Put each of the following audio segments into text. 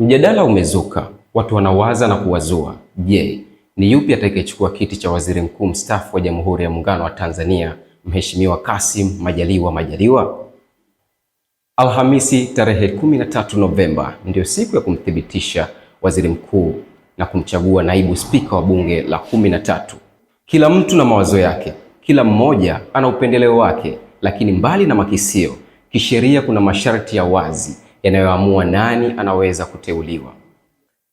Mjadala umezuka, watu wanawaza na kuwazua. Je, ni yupi atakayechukua kiti cha waziri mkuu mstaafu wa Jamhuri ya Muungano wa Tanzania, Mheshimiwa Kassim Majaliwa Majaliwa? Alhamisi tarehe 13 Novemba ndio siku ya kumthibitisha waziri mkuu na kumchagua naibu spika wa bunge la kumi na tatu. Kila mtu na mawazo yake, kila mmoja ana upendeleo wake, lakini mbali na makisio, kisheria kuna masharti ya wazi yanayoamua nani anaweza kuteuliwa.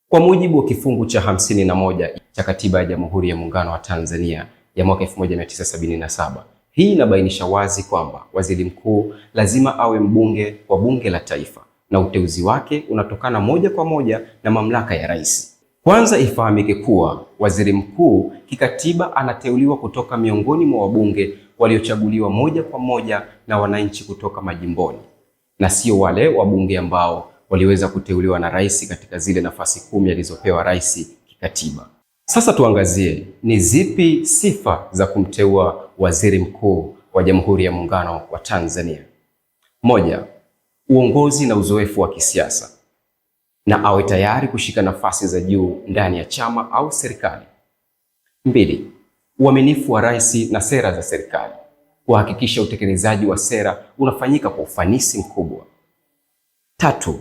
Kwa mujibu wa kifungu cha 51 cha Katiba ya Jamhuri ya Muungano wa Tanzania ya mwaka 1977. Hii inabainisha wazi kwamba waziri mkuu lazima awe mbunge wa bunge la taifa na uteuzi wake unatokana moja kwa moja na mamlaka ya rais. Kwanza ifahamike kuwa waziri mkuu kikatiba anateuliwa kutoka miongoni mwa wabunge waliochaguliwa moja kwa moja na wananchi kutoka majimboni na sio wale wabunge ambao waliweza kuteuliwa na rais katika zile nafasi kumi alizopewa rais kikatiba. Sasa tuangazie ni zipi sifa za kumteua waziri mkuu wa Jamhuri ya Muungano wa Tanzania. Moja, uongozi na uzoefu wa kisiasa na awe tayari kushika nafasi za juu ndani ya chama au serikali. Mbili, uaminifu wa rais na sera za serikali kuhakikisha utekelezaji wa sera unafanyika kwa ufanisi mkubwa. Tatu,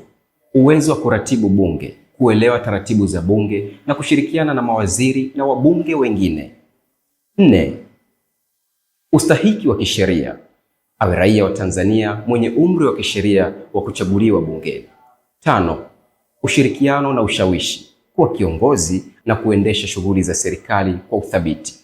uwezo wa kuratibu bunge, kuelewa taratibu za bunge na kushirikiana na mawaziri na wabunge wengine. Nne, ustahiki wa kisheria, awe raia wa Tanzania mwenye umri wa kisheria wa kuchaguliwa bungeni. Tano, ushirikiano na ushawishi, kuwa kiongozi na kuendesha shughuli za serikali kwa uthabiti.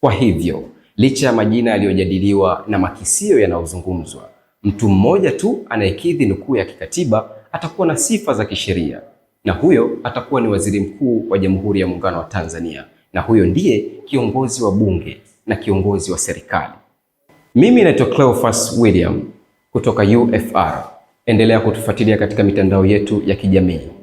Kwa hivyo Licha ya majina yaliyojadiliwa na makisio yanayozungumzwa, mtu mmoja tu anayekidhi nukuu ya kikatiba atakuwa na sifa za kisheria, na huyo atakuwa ni waziri mkuu wa Jamhuri ya Muungano wa Tanzania, na huyo ndiye kiongozi wa bunge na kiongozi wa serikali. Mimi naitwa Cleophas William kutoka UFR. Endelea kutufuatilia katika mitandao yetu ya kijamii.